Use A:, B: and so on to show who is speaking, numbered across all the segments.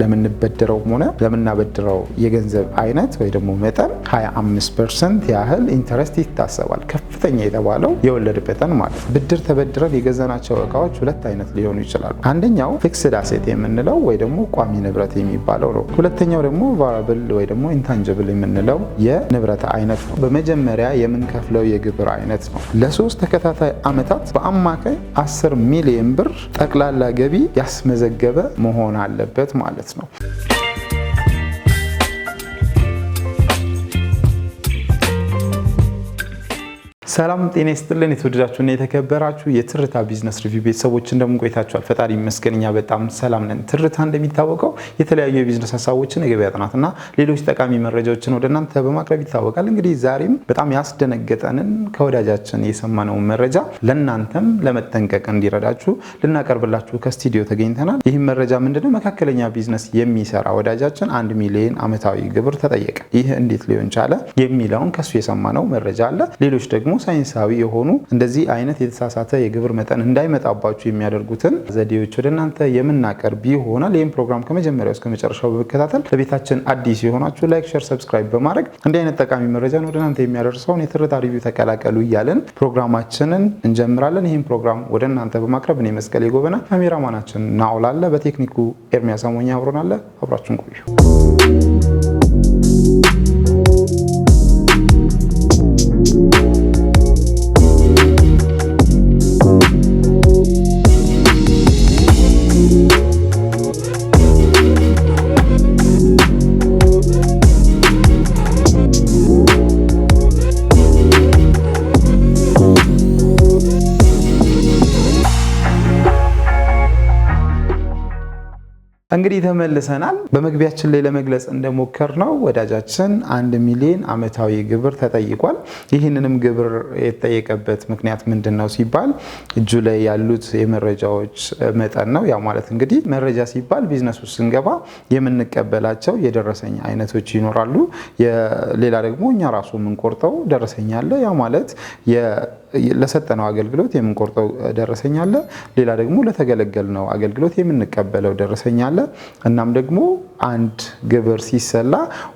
A: ለምንበድረው ሆነ ለምናበድረው የገንዘብ አይነት ወይ ደግሞ መጠን 25 ፐርሰንት ያህል ኢንተረስት ይታሰባል። ከፍተኛ የተባለው የወለድ መጠን ማለት ብድር ተበድረን የገዛናቸው እቃዎች ሁለት አይነት ሊሆኑ ይችላሉ። አንደኛው ፊክስድ አሴት የምንለው ወይ ደግሞ ቋሚ ንብረት የሚባለው ነው። ሁለተኛው ደግሞ ቫራብል ወይ ደግሞ ኢንታንጅብል የምንለው የንብረት አይነት ነው። በመጀመሪያ የምንከፍለው የግብር አይነት ነው። ለሶስት ተከታታይ ዓመታት በአማካይ 10 ሚሊዮን ብር ጠቅላላ ገቢ ያስመዘገበ መሆን አለበት ማለት ነው። obecną. ሰላም ጤና ይስጥልን። የተወደዳችሁና የተከበራችሁ የትርታ ቢዝነስ ሪቪው ቤተሰቦች እንደምን ቆይታችኋል? ፈጣሪ ይመስገን እኛ በጣም ሰላም ነን። ትርታ እንደሚታወቀው የተለያዩ የቢዝነስ ሀሳቦችን፣ የገበያ ጥናትና ሌሎች ጠቃሚ መረጃዎችን ወደ እናንተ በማቅረብ ይታወቃል። እንግዲህ ዛሬም በጣም ያስደነገጠንን ከወዳጃችን የሰማነውን መረጃ ለእናንተም ለመጠንቀቅ እንዲረዳችሁ ልናቀርብላችሁ ከስቱዲዮ ተገኝተናል። ይህም መረጃ ምንድነው? መካከለኛ ቢዝነስ የሚሰራ ወዳጃችን አንድ ሚሊዮን ዓመታዊ ግብር ተጠየቀ። ይህ እንዴት ሊሆን ቻለ የሚለውን ከሱ የሰማነው መረጃ አለ። ሌሎች ደግሞ ሳይንሳዊ የሆኑ እንደዚህ አይነት የተሳሳተ የግብር መጠን እንዳይመጣባችሁ የሚያደርጉትን ዘዴዎች ወደ እናንተ የምናቀርብ ይሆናል። ይህም ፕሮግራም ከመጀመሪያው እስከ መጨረሻው በመከታተል ለቤታችን አዲስ የሆናችሁ ላይክ፣ ሸር፣ ሰብስክራይብ በማድረግ እንዲህ አይነት ጠቃሚ መረጃን ወደ እናንተ የሚያደርሰውን የትርታ ሪቪው ተቀላቀሉ እያለን ፕሮግራማችንን እንጀምራለን። ይህም ፕሮግራም ወደ እናንተ በማቅረብ እኔ መስቀል የጎበና ካሜራማናችን ናኦላለ በቴክኒኩ ኤርሚያ ሰሞኛ አብሮናለ። አብራችን ቆዩ። እንግዲህ ተመልሰናል። በመግቢያችን ላይ ለመግለጽ እንደሞከር ነው ወዳጃችን አንድ ሚሊዮን ዓመታዊ ግብር ተጠይቋል። ይህንንም ግብር የተጠየቀበት ምክንያት ምንድን ነው ሲባል እጁ ላይ ያሉት የመረጃዎች መጠን ነው። ያ ማለት እንግዲህ መረጃ ሲባል ቢዝነሱ ስንገባ የምንቀበላቸው የደረሰኝ አይነቶች ይኖራሉ። ሌላ ደግሞ እኛ ራሱ የምንቆርጠው ደረሰኛ አለ። ያ ማለት ለሰጠነው አገልግሎት የምንቆርጠው ደረሰኝ አለ። ሌላ ደግሞ ለተገለገልነው አገልግሎት የምንቀበለው ደረሰኝ አለ። እናም ደግሞ አንድ ግብር ሲሰላ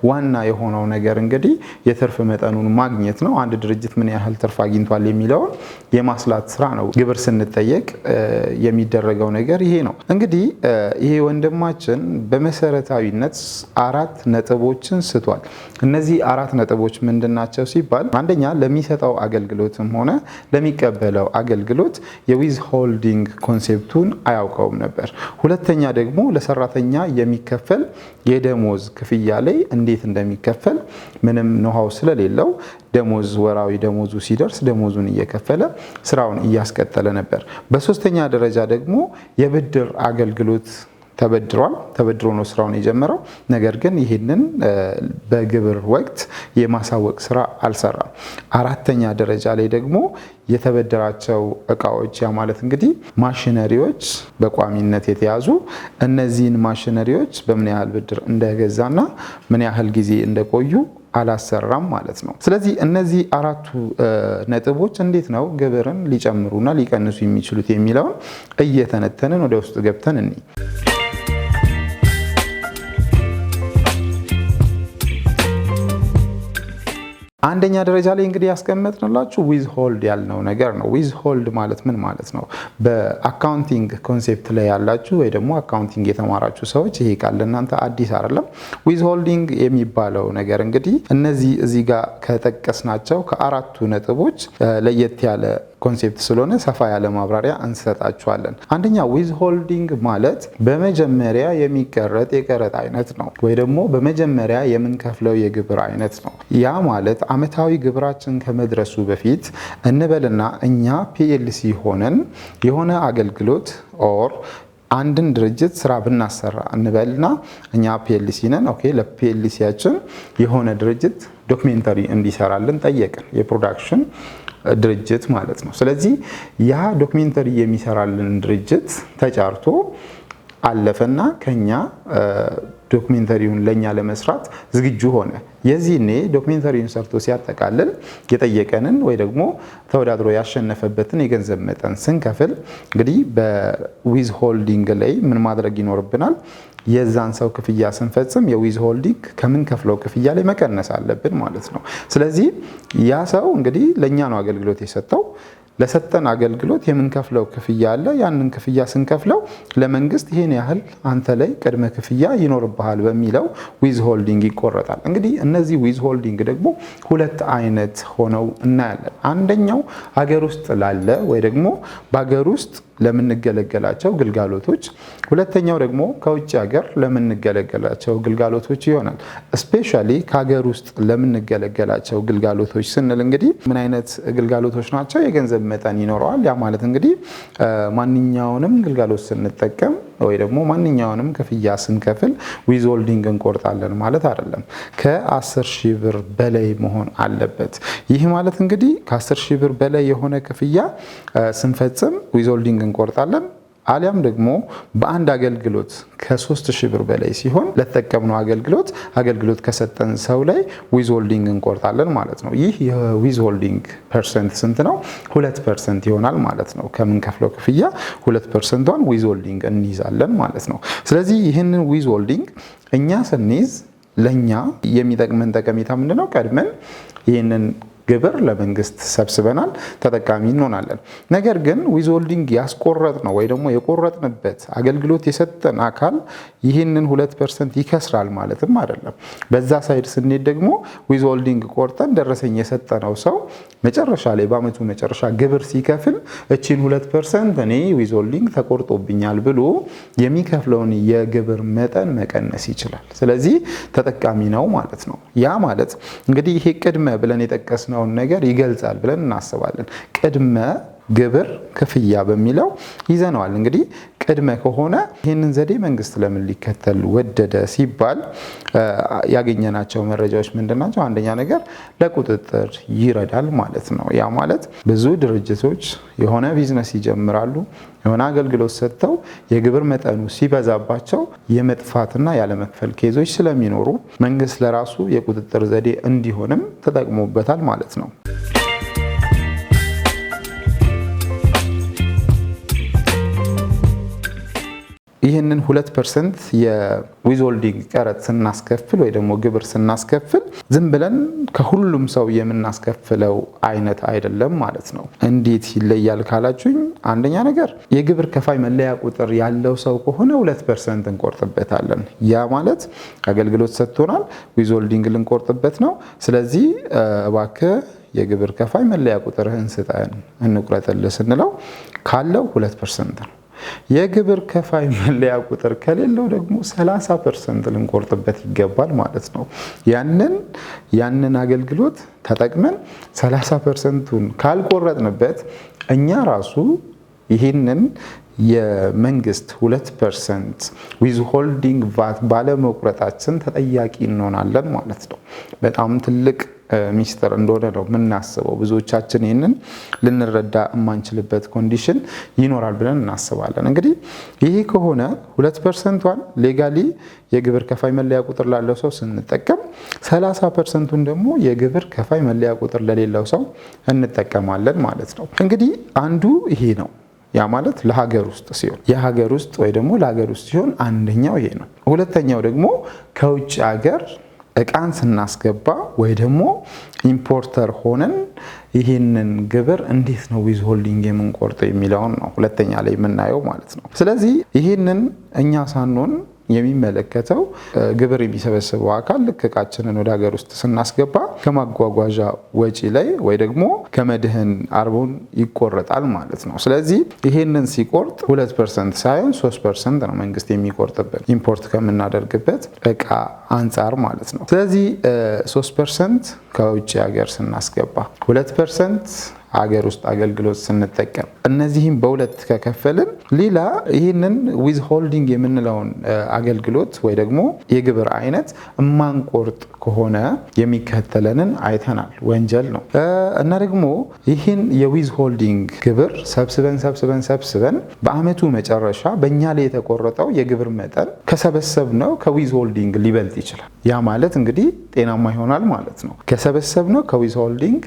A: ዋና የሆነው ነገር እንግዲህ የትርፍ መጠኑን ማግኘት ነው። አንድ ድርጅት ምን ያህል ትርፍ አግኝቷል የሚለውን የማስላት ስራ ነው። ግብር ስንጠየቅ የሚደረገው ነገር ይሄ ነው። እንግዲህ ይሄ ወንድማችን በመሰረታዊነት አራት ነጥቦችን ስቷል። እነዚህ አራት ነጥቦች ምንድናቸው ሲባል አንደኛ ለሚሰጠው አገልግሎትም ሆነ ለሚቀበለው አገልግሎት የዊዝ ሆልዲንግ ኮንሴፕቱን አያውቀውም ነበር። ሁለተኛ ደግሞ ለሰራተኛ የሚከፈል የደሞዝ ክፍያ ላይ እንዴት እንደሚከፈል ምንም ኖሃው ስለሌለው ደሞዝ ወራዊ ደሞዙ ሲደርስ ደሞዙን እየከፈለ ስራውን እያስቀጠለ ነበር። በሶስተኛ ደረጃ ደግሞ የብድር አገልግሎት ተበድሯል። ተበድሮ ነው ስራውን የጀመረው። ነገር ግን ይህንን በግብር ወቅት የማሳወቅ ስራ አልሰራም። አራተኛ ደረጃ ላይ ደግሞ የተበደራቸው እቃዎች ያ ማለት እንግዲህ ማሽነሪዎች በቋሚነት የተያዙ እነዚህን ማሽነሪዎች በምን ያህል ብድር እንደገዛና ምን ያህል ጊዜ እንደቆዩ አላሰራም ማለት ነው። ስለዚህ እነዚህ አራቱ ነጥቦች እንዴት ነው ግብርን ሊጨምሩና ሊቀንሱ የሚችሉት የሚለውን እየተነተንን ወደ ውስጥ ገብተን እኒ አንደኛ ደረጃ ላይ እንግዲህ ያስቀመጥንላችሁ ዊዝ ሆልድ ያልነው ነገር ነው። ዊዝ ሆልድ ማለት ምን ማለት ነው? በአካውንቲንግ ኮንሴፕት ላይ ያላችሁ ወይ ደግሞ አካውንቲንግ የተማራችሁ ሰዎች ይሄ ቃል ለእናንተ አዲስ አይደለም። ዊዝ ሆልዲንግ የሚባለው ነገር እንግዲህ እነዚህ እዚህ ጋር ከጠቀስናቸው ከአራቱ ነጥቦች ለየት ያለ ኮንሴፕት ስለሆነ ሰፋ ያለ ማብራሪያ እንሰጣችኋለን። አንደኛ ዊዝ ሆልዲንግ ማለት በመጀመሪያ የሚቀረጥ የቀረጥ አይነት ነው፣ ወይ ደግሞ በመጀመሪያ የምንከፍለው የግብር አይነት ነው። ያ ማለት አመታዊ ግብራችን ከመድረሱ በፊት እንበልና እኛ ፒኤልሲ ሆነን የሆነ አገልግሎት ኦር አንድን ድርጅት ስራ ብናሰራ እንበልና እኛ ፒኤልሲ ነን። ኦኬ ለፒኤልሲያችን የሆነ ድርጅት ዶክሜንተሪ እንዲሰራልን ጠየቅን የፕሮዳክሽን ድርጅት ማለት ነው። ስለዚህ ያ ዶክሜንተሪ የሚሰራልን ድርጅት ተጫርቶ አለፈና ከኛ ዶክሜንተሪውን ለእኛ ለመስራት ዝግጁ ሆነ። የዚህኔ ዶክሜንተሪውን ሰርቶ ሲያጠቃልል የጠየቀንን ወይ ደግሞ ተወዳድሮ ያሸነፈበትን የገንዘብ መጠን ስንከፍል እንግዲህ በዊዝ ሆልዲንግ ላይ ምን ማድረግ ይኖርብናል? የዛን ሰው ክፍያ ስንፈጽም የዊዝ ሆልዲንግ ከምንከፍለው ክፍያ ላይ መቀነስ አለብን ማለት ነው። ስለዚህ ያ ሰው እንግዲህ ለእኛ ነው አገልግሎት የሰጠው ለሰጠን አገልግሎት የምንከፍለው ክፍያ አለ። ያንን ክፍያ ስንከፍለው ለመንግስት ይህን ያህል አንተ ላይ ቅድመ ክፍያ ይኖርብሃል በሚለው ዊዝ ሆልዲንግ ይቆረጣል። እንግዲህ እነዚህ ዊዝ ሆልዲንግ ደግሞ ሁለት አይነት ሆነው እናያለን። አንደኛው ሀገር ውስጥ ላለ ወይ ደግሞ በሀገር ውስጥ ለምንገለገላቸው ግልጋሎቶች፣ ሁለተኛው ደግሞ ከውጭ ሀገር ለምንገለገላቸው ግልጋሎቶች ይሆናል። ስፔሻሊ ከሀገር ውስጥ ለምንገለገላቸው ግልጋሎቶች ስንል እንግዲህ ምን አይነት ግልጋሎቶች ናቸው? የገንዘብ መጠን ይኖረዋል። ያ ማለት እንግዲህ ማንኛውንም ግልጋሎት ስንጠቀም ወይ ደግሞ ማንኛውንም ክፍያ ስንከፍል ዊዝሆልዲንግ እንቆርጣለን ማለት አይደለም። ከ10 ሺህ ብር በላይ መሆን አለበት። ይህ ማለት እንግዲህ ከ10 ሺህ ብር በላይ የሆነ ክፍያ ስንፈጽም ዊዝሆልዲንግ እንቆርጣለን። አሊያም ደግሞ በአንድ አገልግሎት ከሶስት ሺህ ብር በላይ ሲሆን ለተጠቀምነው አገልግሎት አገልግሎት ከሰጠን ሰው ላይ ዊዝ ሆልዲንግ እንቆርጣለን ማለት ነው። ይህ የዊዝ ሆልዲንግ ፐርሰንት ስንት ነው? ሁለት ፐርሰንት ይሆናል ማለት ነው። ከምንከፍለው ክፍያ ሁለት ፐርሰንቷን ዊዝ ሆልዲንግ እንይዛለን ማለት ነው። ስለዚህ ይህንን ዊዝ ሆልዲንግ እኛ ስንይዝ ለእኛ የሚጠቅመን ጠቀሜታ ምንድነው? ቀድመን ይህንን ግብር ለመንግስት ሰብስበናል፣ ተጠቃሚ እንሆናለን። ነገር ግን ዊዝሆልዲንግ ያስቆረጥ ነው ወይ ደግሞ የቆረጥንበት አገልግሎት የሰጠን አካል ይህንን ሁለት ፐርሰንት ይከስራል ማለትም አይደለም። በዛ ሳይድ ስንሄድ ደግሞ ዊዝሆልዲንግ ቆርጠን ደረሰኝ የሰጠነው ሰው መጨረሻ ላይ በአመቱ መጨረሻ ግብር ሲከፍል እቺን ሁለት ፐርሰንት እኔ ዊዝሆልዲንግ ተቆርጦብኛል ብሎ የሚከፍለውን የግብር መጠን መቀነስ ይችላል። ስለዚህ ተጠቃሚ ነው ማለት ነው። ያ ማለት እንግዲህ ይሄ ቅድመ ብለን የጠቀስነው የትኛውን ነገር ይገልጻል ብለን እናስባለን? ቅድመ ግብር ክፍያ በሚለው ይዘነዋል። እንግዲህ ቅድመ ከሆነ ይህንን ዘዴ መንግስት ለምን ሊከተል ወደደ ሲባል ያገኘናቸው መረጃዎች ምንድን ናቸው? አንደኛ ነገር ለቁጥጥር ይረዳል ማለት ነው። ያ ማለት ብዙ ድርጅቶች የሆነ ቢዝነስ ይጀምራሉ፣ የሆነ አገልግሎት ሰጥተው የግብር መጠኑ ሲበዛባቸው የመጥፋትና ያለመክፈል ኬዞች ስለሚኖሩ መንግስት ለራሱ የቁጥጥር ዘዴ እንዲሆንም ተጠቅሞበታል ማለት ነው። ይህንን ሁለት ፐርሰንት የዊዝሆልዲንግ ቀረጥ ስናስከፍል ወይ ደግሞ ግብር ስናስከፍል ዝም ብለን ከሁሉም ሰው የምናስከፍለው አይነት አይደለም ማለት ነው። እንዴት ይለያል ካላችሁኝ፣ አንደኛ ነገር የግብር ከፋይ መለያ ቁጥር ያለው ሰው ከሆነ ሁለት ፐርሰንት እንቆርጥበታለን። ያ ማለት አገልግሎት ሰጥቶናል፣ ዊዝሆልዲንግ ልንቆርጥበት ነው። ስለዚህ እባክህ የግብር ከፋይ መለያ ቁጥርህን ስጠን እንቁረጥልህ ስንለው ካለው ሁለት ፐርሰንት ነው። የግብር ከፋይ መለያ ቁጥር ከሌለው ደግሞ 30 ፐርሰንት ልንቆርጥበት ይገባል ማለት ነው። ያንን ያንን አገልግሎት ተጠቅመን 30 ፐርሰንቱን ካልቆረጥንበት እኛ ራሱ ይህንን የመንግስት ሁለት ፐርሰንት ዊዝ ሆልዲንግ ቫት ባለመቁረጣችን ተጠያቂ እንሆናለን ማለት ነው። በጣም ትልቅ ሚስጥር እንደሆነ ነው የምናስበው። ብዙዎቻችን ይህንን ልንረዳ የማንችልበት ኮንዲሽን ይኖራል ብለን እናስባለን። እንግዲህ ይህ ከሆነ ሁለት ፐርሰንቷን ሌጋሊ የግብር ከፋይ መለያ ቁጥር ላለው ሰው ስንጠቀም ሰላሳ ፐርሰንቱን ደግሞ የግብር ከፋይ መለያ ቁጥር ለሌለው ሰው እንጠቀማለን ማለት ነው። እንግዲህ አንዱ ይሄ ነው። ያ ማለት ለሀገር ውስጥ ሲሆን የሀገር ውስጥ ወይ ደግሞ ለሀገር ውስጥ ሲሆን አንደኛው ይሄ ነው። ሁለተኛው ደግሞ ከውጭ ሀገር እቃን ስናስገባ ወይ ደግሞ ኢምፖርተር ሆነን ይህንን ግብር እንዴት ነው ዊዝ ሆልዲንግ የምንቆርጠው የሚለውን ነው ሁለተኛ ላይ የምናየው ማለት ነው። ስለዚህ ይህንን እኛ ሳንሆን የሚመለከተው ግብር የሚሰበስበው አካል ልክ እቃችንን ወደ ሀገር ውስጥ ስናስገባ ከማጓጓዣ ወጪ ላይ ወይ ደግሞ ከመድህን አርቦን ይቆረጣል ማለት ነው። ስለዚህ ይሄንን ሲቆርጥ ሁለት ፐርሰንት ሳይሆን ሶስት ፐርሰንት ነው መንግስት የሚቆርጥብን ኢምፖርት ከምናደርግበት እቃ አንጻር ማለት ነው። ስለዚህ ሶስት ፐርሰንት ከውጭ ሀገር ስናስገባ ሁለት ፐርሰንት አገር ውስጥ አገልግሎት ስንጠቀም እነዚህም በሁለት ከከፈልን ሌላ ይህንን ዊዝ ሆልዲንግ የምንለውን አገልግሎት ወይ ደግሞ የግብር አይነት እማንቆርጥ ከሆነ የሚከተለንን አይተናል። ወንጀል ነው እና ደግሞ ይህን የዊዝ ሆልዲንግ ግብር ሰብስበን ሰብስበን ሰብስበን በአመቱ መጨረሻ በእኛ ላይ የተቆረጠው የግብር መጠን ከሰበሰብ ነው ከዊዝ ሆልዲንግ ሊበልጥ ይችላል። ያ ማለት እንግዲህ ጤናማ ይሆናል ማለት ነው። ከሰበሰብ ነው ከዊዝ ሆልዲንግ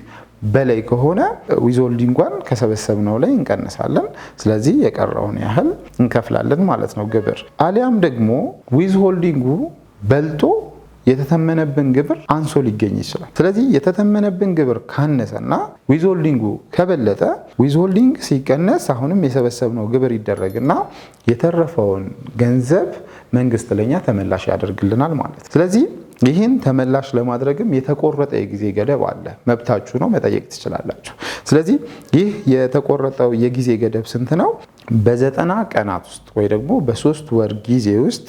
A: በላይ ከሆነ ዊዝሆልዲንጓን ከሰበሰብነው ላይ እንቀንሳለን። ስለዚህ የቀረውን ያህል እንከፍላለን ማለት ነው ግብር። አሊያም ደግሞ ዊዝሆልዲንጉ በልጦ የተተመነብን ግብር አንሶ ሊገኝ ይችላል። ስለዚህ የተተመነብን ግብር ካነሰና ዊዝሆልዲንጉ ከበለጠ ዊዝሆልዲንግ ሲቀነስ አሁንም የሰበሰብነው ግብር ይደረግና የተረፈውን ገንዘብ መንግስት ለኛ ተመላሽ ያደርግልናል ማለት ስለዚህ ይህን ተመላሽ ለማድረግም የተቆረጠ የጊዜ ገደብ አለ። መብታችሁ ነው፣ መጠየቅ ትችላላችሁ። ስለዚህ ይህ የተቆረጠው የጊዜ ገደብ ስንት ነው? በዘጠና ቀናት ውስጥ ወይ ደግሞ በሶስት ወር ጊዜ ውስጥ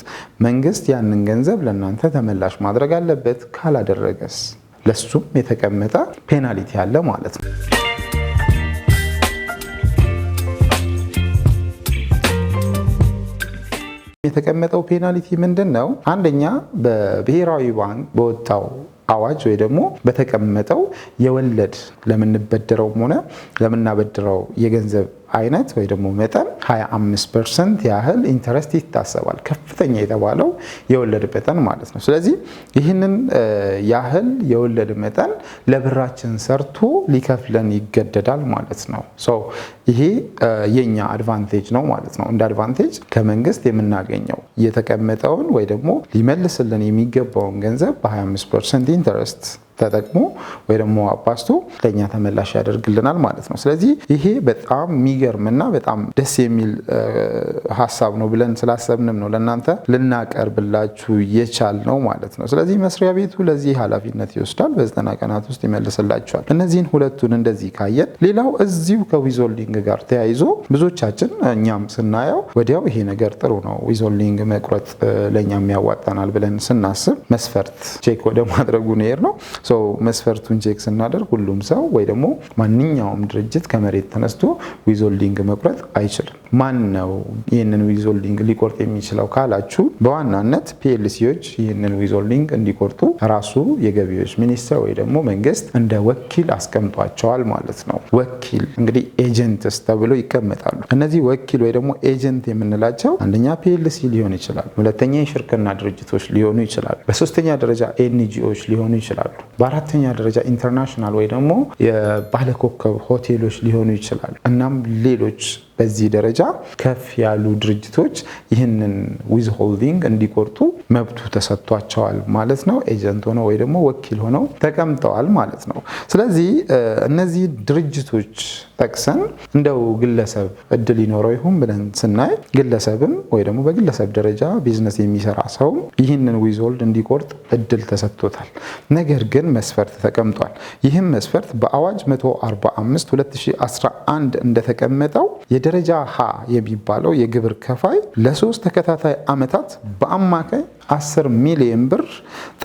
A: መንግስት ያንን ገንዘብ ለእናንተ ተመላሽ ማድረግ አለበት። ካላደረገስ ለሱም የተቀመጠ ፔናሊቲ አለ ማለት ነው። የተቀመጠው ፔናልቲ ምንድን ነው? አንደኛ በብሔራዊ ባንክ በወጣው አዋጅ ወይ ደግሞ በተቀመጠው የወለድ ለምንበደረውም ሆነ ለምናበድረው የገንዘብ አይነት ወይ ደግሞ መጠን 25 ፐርሰንት ያህል ኢንተረስት ይታሰባል። ከፍተኛ የተባለው የወለድ መጠን ማለት ነው። ስለዚህ ይህንን ያህል የወለድ መጠን ለብራችን ሰርቶ ሊከፍለን ይገደዳል ማለት ነው። ይሄ የኛ አድቫንቴጅ ነው ማለት ነው። እንደ አድቫንቴጅ ከመንግስት የምናገኘው የተቀመጠውን ወይ ደግሞ ሊመልስልን የሚገባውን ገንዘብ በ25 ፐርሰንት ኢንተረስት ተጠቅሞ ወይ ደግሞ አባስቶ ለእኛ ተመላሽ ያደርግልናል ማለት ነው። ስለዚህ ይሄ በጣም የሚገርምና በጣም ደስ የሚል ሀሳብ ነው ብለን ስላሰብንም ነው ለእናንተ ልናቀርብላችሁ የቻል ነው ማለት ነው። ስለዚህ መስሪያ ቤቱ ለዚህ ኃላፊነት ይወስዳል፣ በዘጠና ቀናት ውስጥ ይመልስላችኋል። እነዚህን ሁለቱን እንደዚህ ካየን፣ ሌላው እዚሁ ከዊዞልዲንግ ጋር ተያይዞ ብዙዎቻችን እኛም ስናየው ወዲያው ይሄ ነገር ጥሩ ነው ዊዞልዲንግ መቁረጥ ለእኛም ያዋጣናል ብለን ስናስብ መስፈርት ቼክ ወደ ማድረጉ ነር ነው መስፈርቱን ቼክ ስናደርግ ሁሉም ሰው ወይ ደግሞ ማንኛውም ድርጅት ከመሬት ተነስቶ ዊዞልዲንግ መቁረጥ አይችልም። ማን ነው ይህንን ዊዞልዲንግ ሊቆርጥ የሚችለው ካላችሁ በዋናነት ፒኤልሲዎች ይህንን ዊዞልዲንግ እንዲቆርጡ ራሱ የገቢዎች ሚኒስቴር ወይ ደግሞ መንግስት እንደ ወኪል አስቀምጧቸዋል ማለት ነው። ወኪል እንግዲህ ኤጀንትስ ተብሎ ይቀመጣሉ። እነዚህ ወኪል ወይ ደግሞ ኤጀንት የምንላቸው አንደኛ ፒኤልሲ ሊሆን ይችላል፣ ሁለተኛ የሽርክና ድርጅቶች ሊሆኑ ይችላሉ፣ በሶስተኛ ደረጃ ኤንጂኦች ሊሆኑ ይችላሉ። በአራተኛ ደረጃ ኢንተርናሽናል ወይ ደግሞ የባለኮከብ ሆቴሎች ሊሆኑ ይችላሉ። እናም ሌሎች በዚህ ደረጃ ከፍ ያሉ ድርጅቶች ይህንን ዊዝ ሆልዲንግ እንዲቆርጡ መብቱ ተሰጥቷቸዋል ማለት ነው። ኤጀንት ሆነው ወይ ደግሞ ወኪል ሆነው ተቀምጠዋል ማለት ነው። ስለዚህ እነዚህ ድርጅቶች ጠቅሰን እንደው ግለሰብ እድል ይኖረው ይሁን ብለን ስናይ ግለሰብም ወይ ደግሞ በግለሰብ ደረጃ ቢዝነስ የሚሰራ ሰው ይህንን ዊዝሆልድ እንዲቆርጥ እድል ተሰጥቶታል። ነገር ግን መስፈርት ተቀምጧል። ይህም መስፈርት በአዋጅ 145 2011 እንደተቀመጠው ደረጃ ሀ የሚባለው የግብር ከፋይ ለሶስት ተከታታይ ዓመታት በአማካይ 10 ሚሊዮን ብር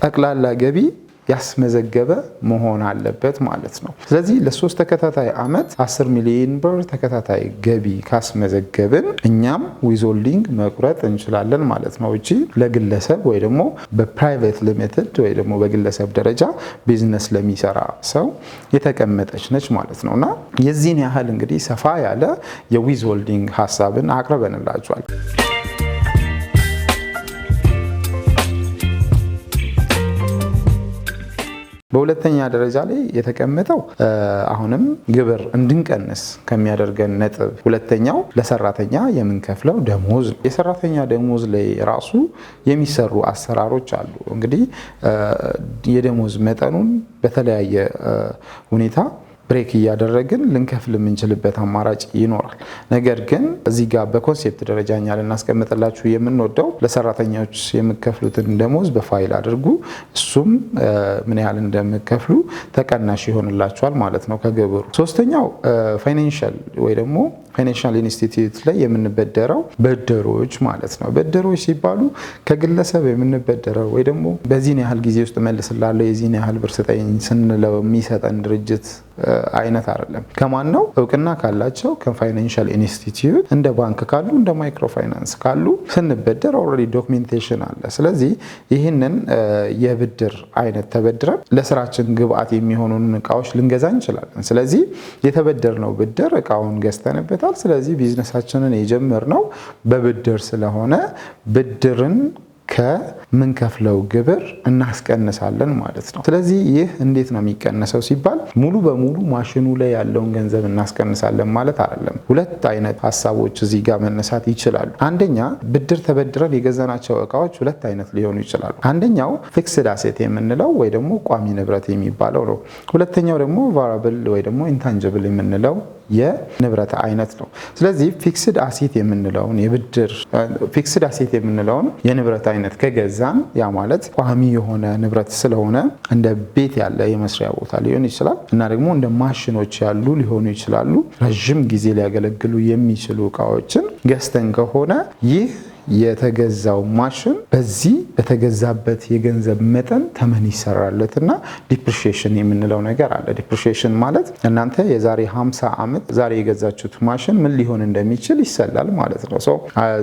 A: ጠቅላላ ገቢ ያስመዘገበ መሆን አለበት ማለት ነው። ስለዚህ ለሶስት ተከታታይ አመት 10 ሚሊዮን ብር ተከታታይ ገቢ ካስመዘገብን እኛም ዊዞልዲንግ መቁረጥ እንችላለን ማለት ነው እጂ ለግለሰብ ወይ ደግሞ በፕራይቬት ሊሚትድ ወይ ደግሞ በግለሰብ ደረጃ ቢዝነስ ለሚሰራ ሰው የተቀመጠች ነች ማለት ነው እና የዚህን ያህል እንግዲህ ሰፋ ያለ የዊዝ ሆልዲንግ ሀሳብን አቅርበንላቸዋል። በሁለተኛ ደረጃ ላይ የተቀመጠው አሁንም ግብር እንድንቀንስ ከሚያደርገን ነጥብ ሁለተኛው ለሰራተኛ የምንከፍለው ደሞዝ ነው። የሰራተኛ ደሞዝ ላይ ራሱ የሚሰሩ አሰራሮች አሉ። እንግዲህ የደሞዝ መጠኑን በተለያየ ሁኔታ ብሬክ እያደረግን ልንከፍል የምንችልበት አማራጭ ይኖራል። ነገር ግን እዚህ ጋር በኮንሴፕት ደረጃ እኛ ልናስቀምጥላችሁ የምንወደው ለሰራተኞች የምከፍሉትን ደሞዝ በፋይል አድርጉ፣ እሱም ምን ያህል እንደምከፍሉ ተቀናሽ ይሆንላችኋል ማለት ነው ከግብሩ። ሶስተኛው ፋይናንሻል ወይ ደግሞ ፋይናንሻል ኢንስቲትዩት ላይ የምንበደረው በደሮች ማለት ነው። በደሮች ሲባሉ ከግለሰብ የምንበደረው ወይ ደግሞ በዚህን ያህል ጊዜ ውስጥ መልስላለሁ የዚህን ያህል ብር ስጠኝ ስንለው የሚሰጠን ድርጅት አይነት አይደለም። ከማን ነው? እውቅና ካላቸው ከፋይናንሻል ኢንስቲትዩት እንደ ባንክ ካሉ እንደ ማይክሮ ፋይናንስ ካሉ ስንበደር ኦልሬዲ ዶክሜንቴሽን አለ። ስለዚህ ይህንን የብድር አይነት ተበድረን ለስራችን ግብአት የሚሆኑን እቃዎች ልንገዛ እንችላለን። ስለዚህ የተበደርነው ብድር እቃውን ገዝተንበታል። ስለዚህ ቢዝነሳችንን የጀመርነው በብድር ስለሆነ ብድርን ከምንከፍለው ግብር እናስቀንሳለን ማለት ነው። ስለዚህ ይህ እንዴት ነው የሚቀነሰው ሲባል ሙሉ በሙሉ ማሽኑ ላይ ያለውን ገንዘብ እናስቀንሳለን ማለት አይደለም። ሁለት አይነት ሀሳቦች እዚህ ጋር መነሳት ይችላሉ። አንደኛ ብድር ተበድረን የገዛናቸው እቃዎች ሁለት አይነት ሊሆኑ ይችላሉ። አንደኛው ፊክስድ አሴት የምንለው ወይ ደግሞ ቋሚ ንብረት የሚባለው ነው። ሁለተኛው ደግሞ ቫራብል ወይ ደግሞ ኢንታንጅብል የምንለው የንብረት አይነት ነው። ስለዚህ ፊክስድ አሴት የምንለውን የብድር ፊክስድ አሴት የምንለውን የንብረት አይነት ከገዛን ያ ማለት ቋሚ የሆነ ንብረት ስለሆነ እንደ ቤት ያለ የመስሪያ ቦታ ሊሆን ይችላል እና ደግሞ እንደ ማሽኖች ያሉ ሊሆኑ ይችላሉ። ረዥም ጊዜ ሊያገለግሉ የሚችሉ እቃዎችን ገዝተን ከሆነ ይህ የተገዛው ማሽን በዚህ በተገዛበት የገንዘብ መጠን ተመን ይሰራለት እና ዲፕሪሺዬሽን የምንለው ነገር አለ። ዲፕሪሺዬሽን ማለት እናንተ የዛሬ 50 ዓመት ዛሬ የገዛችሁት ማሽን ምን ሊሆን እንደሚችል ይሰላል ማለት ነው። ሰው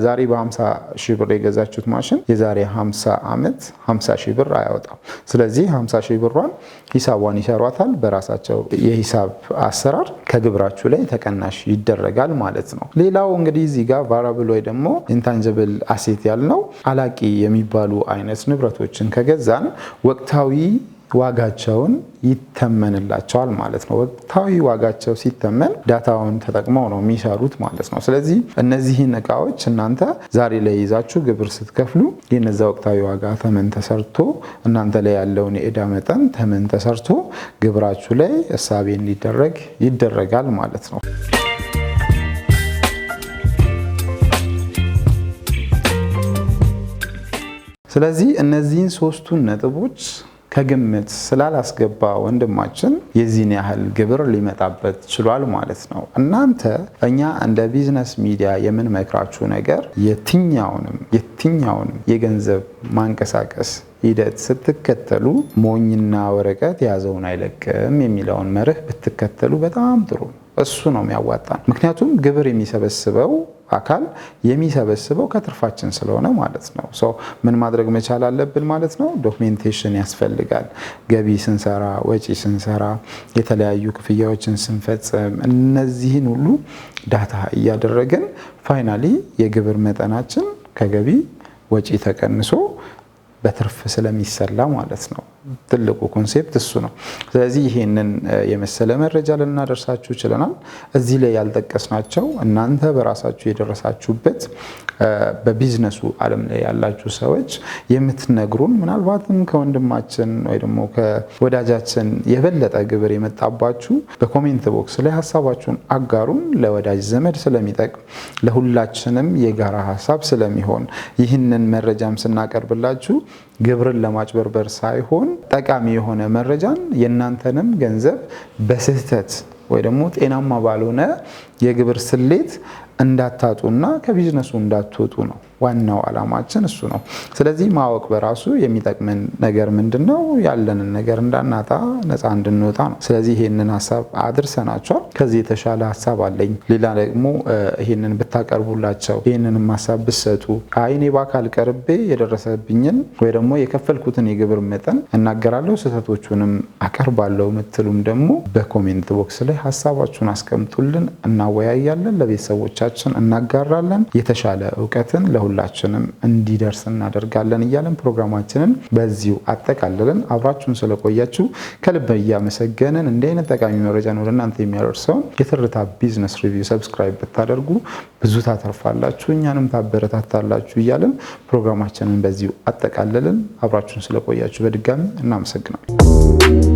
A: ዛሬ በ50 ሺህ ብር የገዛችሁት ማሽን የዛሬ 50 ዓመት 50 ሺህ ብር አያወጣም። ስለዚህ 50 ሺህ ብሯን ሂሳቧን ይሰሯታል። በራሳቸው የሂሳብ አሰራር ከግብራችሁ ላይ ተቀናሽ ይደረጋል ማለት ነው። ሌላው እንግዲህ እዚህ ጋር ቫራብል ወይ ደግሞ ኢንታንጀብል አሴት ያልነው አላቂ የሚባሉ አይነት ንብረቶችን ከገዛን ወቅታዊ ዋጋቸውን ይተመንላቸዋል ማለት ነው። ወቅታዊ ዋጋቸው ሲተመን ዳታውን ተጠቅመው ነው የሚሰሩት ማለት ነው። ስለዚህ እነዚህን እቃዎች እናንተ ዛሬ ላይ ይዛችሁ ግብር ስትከፍሉ የነዛ ወቅታዊ ዋጋ ተመን ተሰርቶ እናንተ ላይ ያለውን የእዳ መጠን ተመን ተሰርቶ ግብራችሁ ላይ እሳቤ እንዲደረግ ይደረጋል ማለት ነው። ስለዚህ እነዚህን ሶስቱን ነጥቦች ከግምት ስላላስገባ ወንድማችን የዚህን ያህል ግብር ሊመጣበት ችሏል ማለት ነው። እናንተ እኛ እንደ ቢዝነስ ሚዲያ የምንመክራችሁ ነገር የትኛውንም የትኛውንም የገንዘብ ማንቀሳቀስ ሂደት ስትከተሉ ሞኝና ወረቀት የያዘውን አይለቅም የሚለውን መርህ ብትከተሉ በጣም ጥሩ ነው። እሱ ነው የሚያዋጣን። ምክንያቱም ግብር የሚሰበስበው አካል የሚሰበስበው ከትርፋችን ስለሆነ ማለት ነው። ሶ ምን ማድረግ መቻል አለብን ማለት ነው? ዶክሜንቴሽን ያስፈልጋል። ገቢ ስንሰራ፣ ወጪ ስንሰራ፣ የተለያዩ ክፍያዎችን ስንፈጽም እነዚህን ሁሉ ዳታ እያደረግን ፋይናሊ የግብር መጠናችን ከገቢ ወጪ ተቀንሶ በትርፍ ስለሚሰላ ማለት ነው። ትልቁ ኮንሴፕት እሱ ነው። ስለዚህ ይሄንን የመሰለ መረጃ ልናደርሳችሁ ችለናል። እዚህ ላይ ያልጠቀስናቸው እናንተ በራሳችሁ የደረሳችሁበት በቢዝነሱ ዓለም ላይ ያላችሁ ሰዎች የምትነግሩን ምናልባትም ከወንድማችን ወይ ደግሞ ከወዳጃችን የበለጠ ግብር የመጣባችሁ በኮሜንት ቦክስ ላይ ሀሳባችሁን አጋሩን። ለወዳጅ ዘመድ ስለሚጠቅም ለሁላችንም የጋራ ሀሳብ ስለሚሆን ይህንን መረጃም ስናቀርብላችሁ ግብርን ለማጭበርበር ሳይሆን ጠቃሚ የሆነ መረጃን የእናንተንም ገንዘብ በስህተት ወይ ደግሞ ጤናማ ባልሆነ የግብር ስሌት እንዳታጡና ከቢዝነሱ እንዳትወጡ ነው። ዋናው አላማችን እሱ ነው። ስለዚህ ማወቅ በራሱ የሚጠቅመን ነገር ምንድን ነው? ያለንን ነገር እንዳናጣ ነፃ እንድንወጣ ነው። ስለዚህ ይህንን ሀሳብ አድርሰናቸዋል። ከዚህ የተሻለ ሀሳብ አለኝ፣ ሌላ ደግሞ ይህንን ብታቀርቡላቸው፣ ይህንንም ሀሳብ ብሰጡ፣ አይኔ በአካል ቀርቤ የደረሰብኝን ወይ ደግሞ የከፈልኩትን የግብር መጠን እናገራለሁ፣ ስህተቶቹንም አቀርባለሁ ምትሉም ደግሞ በኮሜንት ቦክስ ላይ ሀሳባችሁን አስቀምጡልን፣ እናወያያለን፣ ለቤተሰቦቻችን እናጋራለን። የተሻለ እውቀትን ለ ለሁላችንም እንዲደርስ እናደርጋለን እያለን ፕሮግራማችንን በዚሁ አጠቃለልን። አብራችሁን ስለቆያችሁ ከልብ እያመሰገንን እንዲህ አይነት ጠቃሚ መረጃ ነው ለእናንተ የሚያደርሰውን የትርታ ቢዝነስ ሪቪው ሰብስክራይብ ብታደርጉ ብዙ ታተርፋላችሁ፣ እኛንም ታበረታታላችሁ እያለን ፕሮግራማችንን በዚሁ አጠቃልለን አብራችሁን ስለቆያችሁ በድጋሚ እናመሰግናለን።